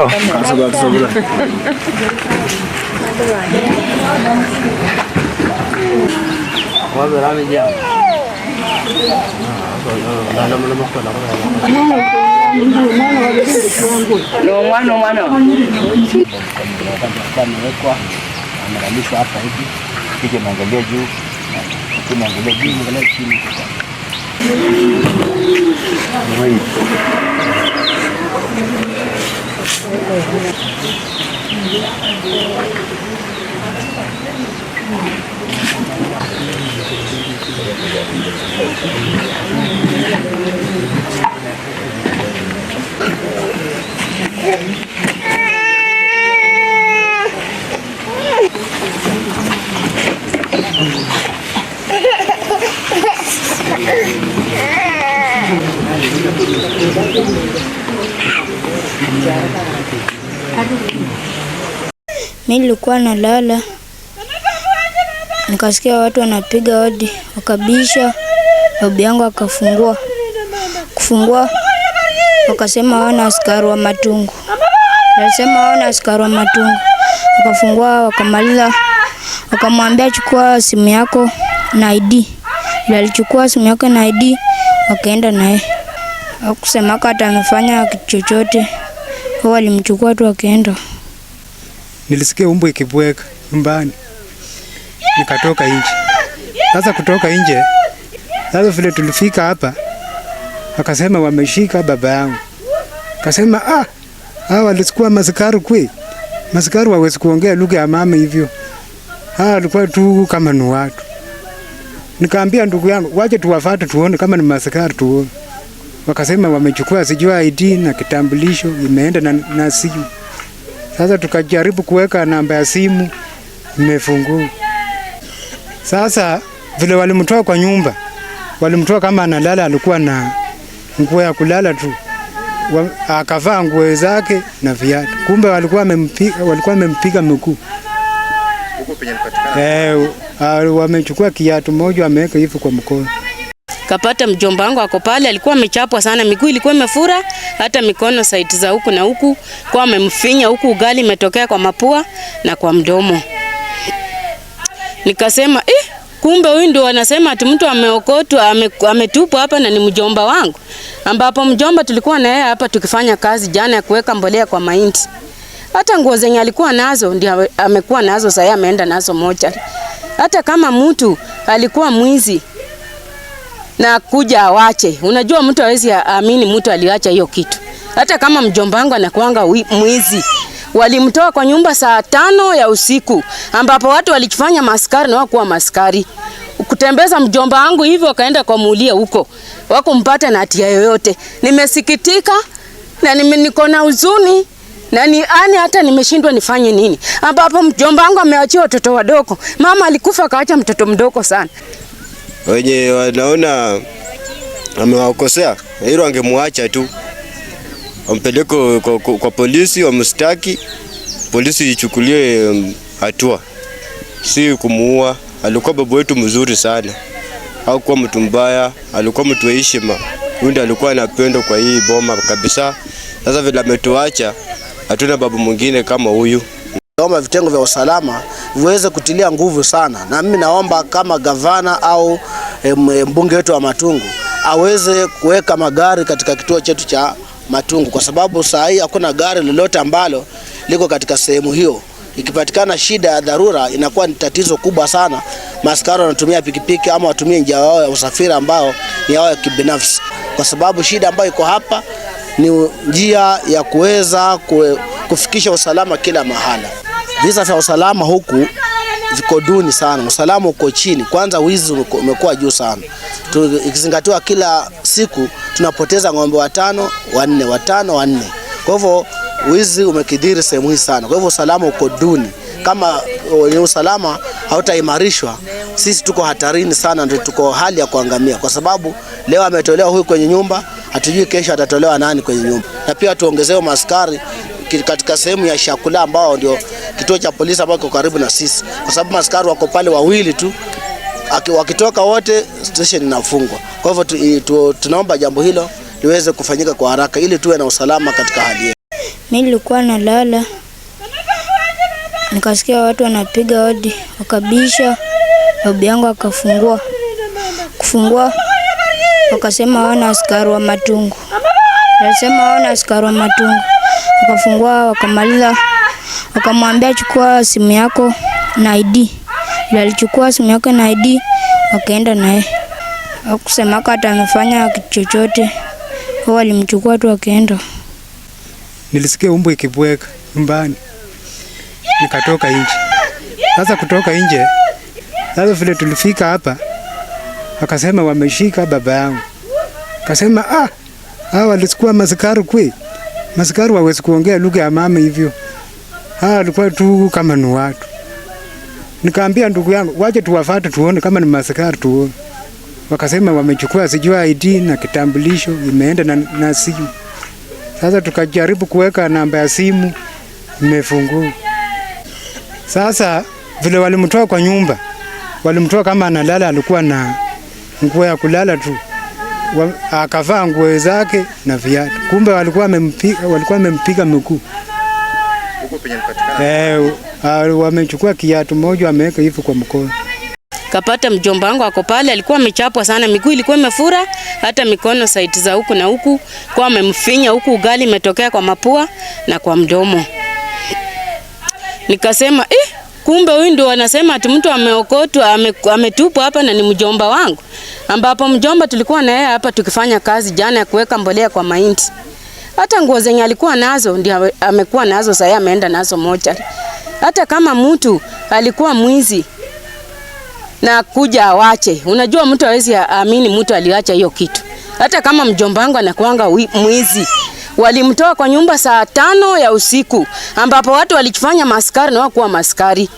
Kasaragod Nungwana nungwana. Amewekwa amelalishwa hapa Aduh. Mimi nilikuwa nalala, nikasikia watu wanapiga hodi, wakabisha. Babu yangu akafungua kufungua, wakasema wana askari wa matungu, wakasema wana askari wa matungu. Wakafungua wakamaliza, wakamwambia chukua simu yako na ID. Alichukua simu yako na ID, wakaenda naye, hakusema hata amefanya kitu chochote, walimchukua tu wakaenda nilisikia umbo ikibweka nyumbani, nikatoka nje. Sasa kutoka nje, sasa vile tulifika hapa, akasema wameshika baba yangu, akasema ah, hawa walichukua maskari kwe, maskari wawezi kuongea lugha ya mama hivyo, hawa walikuwa tu kama ni watu. Nikaambia ndugu yangu, waje tuwafate tuone kama ni maskari tuone. Wakasema wamechukua sijua ID na kitambulisho, imeenda na, na simu sasa tukajaribu kuweka namba ya simu imefungua. Sasa vile walimtoa kwa nyumba, walimtoa kama analala, alikuwa na nguo ya kulala tu, akavaa nguo zake na viatu, kumbe walikuwa wamempiga, walikuwa wamempiga mguu eh, ah, wamechukua kiatu moja wameweka hivi kwa mkono kapata mjomba wangu ako pale, alikuwa amechapwa sana, miguu ilikuwa imefura, hata mikono saiti za huku na huku kwa amemfinya huku, ugali imetokea kwa mapua na kwa mdomo. Nikasema eh, kumbe huyu ndio anasema ati mtu ameokotwa ametupwa hapa na ni mjomba wangu, ambapo mjomba tulikuwa na yeye hapa tukifanya kazi jana ya kuweka mbolea kwa mahindi. Hata nguo zenye alikuwa nazo ndio amekuwa nazo, sasa ameenda nazo moja. Hata kama mtu alikuwa mwizi na kuja awache. Unajua mtu hawezi aamini mtu aliacha hiyo kitu. Hata kama mjomba wangu anakuanga mwizi, walimtoa kwa nyumba saa tano ya usiku ambapo watu walijifanya maskari na wakuwa maskari kutembeza mjomba wangu hivyo, wakaenda mulia huko, wakumpata na hatia yoyote. Nimesikitika na niko na huzuni na ni ani hata nimeshindwa nifanye nini, ambapo mjomba wangu ameachia watoto wadogo. Mama alikufa akaacha mtoto mdogo sana wenye wanaona amewakosea, hilo angemwacha tu, wampeleke kwa, kwa, kwa polisi, wamstaki polisi ichukulie um, hatua, si kumuua. Alikuwa babu wetu mzuri sana, hakuwa mtu mbaya, alikuwa mtu wa heshima. Huyu ndiye alikuwa anapendwa kwa hii boma kabisa. Sasa vile ametuacha, hatuna babu mwingine kama huyu. Naomba vitengo vya usalama viweze kutilia nguvu sana, na mimi naomba kama gavana au eh, eh, mbunge wetu wa Matungu aweze kuweka magari katika kituo chetu cha Matungu, kwa sababu saa hii hakuna gari lolote ambalo liko katika sehemu hiyo. Ikipatikana shida ya dharura, inakuwa ni tatizo kubwa sana. Maskari wanatumia pikipiki ama watumie njia yao ya usafiri ambao ni yao ya kibinafsi, kwa sababu shida ambayo iko hapa ni njia ya kuweza kufikisha usalama kila mahala. Visa vya usalama huku viko duni sana, usalama uko chini. Kwanza wizi umekuwa juu sana, ikizingatiwa kila siku tunapoteza ng'ombe watano wanne, watano wanne. Kwa hivyo wizi umekidhiri sehemu hii sana, kwa hivyo usalama uko duni. Kama eh, wenye usalama hautaimarishwa, sisi tuko hatarini sana, ndio tuko hali ya kuangamia, kwa sababu leo ametolewa huyu kwenye nyumba, hatujui kesho atatolewa nani kwenye nyumba. Na pia tuongezewe maskari katika sehemu ya chakula ambao ndio kituo cha polisi ambao kiko karibu na sisi, kwa sababu maskari wako pale wawili tu, wakitoka wote station inafungwa. Kwa hivyo tu, tu, tunaomba jambo hilo liweze kufanyika kwa haraka ili tuwe na usalama katika hali yetu. Mimi nilikuwa nalala nikasikia watu wanapiga hodi, wakabisha, babu yangu akafungua kufungua, wakasema hawana askari wa matungu, wakasema hawana askari wa matungu, wakafungua wakamaliza akamwambia chukua simu yako na ID. Alichukua simu yake na ID, wakaenda naye. akusema hata amefanya kitu chochote, walimchukua tu akaenda. Nilisikia umbo ikibweka nyumbani, nikatoka nje. Sasa kutoka nje, sasa vile tulifika hapa, akasema wameshika baba yangu, akasema ah, hawa walichukua maskari kwe maskari, wawezi kuongea lugha ya mama hivyo. Haa, ah, alikuwa tu kama ni watu. Nikaambia ndugu yangu, waje tuwafate tuone kama ni maskari tuone. Wakasema wamechukua sijua ID na kitambulisho imeenda na, na simu. Sasa tukajaribu kuweka namba ya simu imefungua. Sasa vile walimtoa kwa nyumba, walimtoa kama analala, alikuwa na nguo ya kulala tu, akavaa nguo zake na viatu, kumbe walikuwa wamempiga miguu huko penye eh, ah, wamechukua kiatu moja wameweka hivi kwa mkono. Kapata mjomba wangu ako pale, alikuwa amechapwa sana, miguu ilikuwa imefura, hata mikono saiti za huku na huku, kwa amemfinya huku, ugali imetokea kwa mapua na kwa mdomo. Nikasema eh, kumbe huyu ndio anasema ati mtu ameokotwa ametupwa hapa na ni mjomba wangu, ambapo mjomba tulikuwa na yeye hapa tukifanya kazi jana ya kuweka mbolea kwa mahindi. Hata nguo zenye alikuwa nazo ndio amekuwa nazo sasa, ameenda nazo moja. Hata kama mtu alikuwa mwizi na kuja awache, unajua mtu hawezi aamini mtu aliacha hiyo kitu. Hata kama mjomba wangu anakuanga mwizi walimtoa kwa nyumba saa tano ya usiku ambapo watu walifanya maskari na wakuwa maskari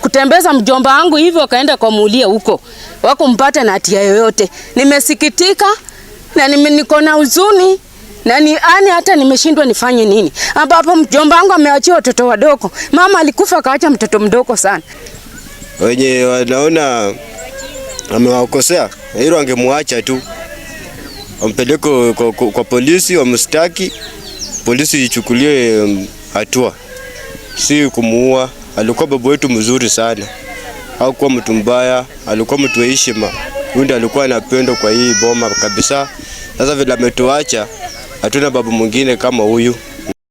kutembeza mjomba wangu hivyo, wakaenda mulia huko, wakumpata na hatia yoyote. Nimesikitika na niko na huzuni na ni ani hata nimeshindwa nifanye nini, ambapo mjomba wangu ameachia watoto wadogo. Mama alikufa akaacha mtoto mdogo sana. Wenye wanaona amewakosea hilo, angemwacha tu, wampeleke kwa, kwa, kwa polisi, wamstaki polisi ichukulie um, hatua, si kumuua. Alikuwa babu wetu mzuri sana, hakuwa mtu mbaya, alikuwa mtu heshima. Huyu ndiye alikuwa anapendwa kwa hii boma kabisa. Sasa vile ametuacha hatuna babu mwingine kama huyu.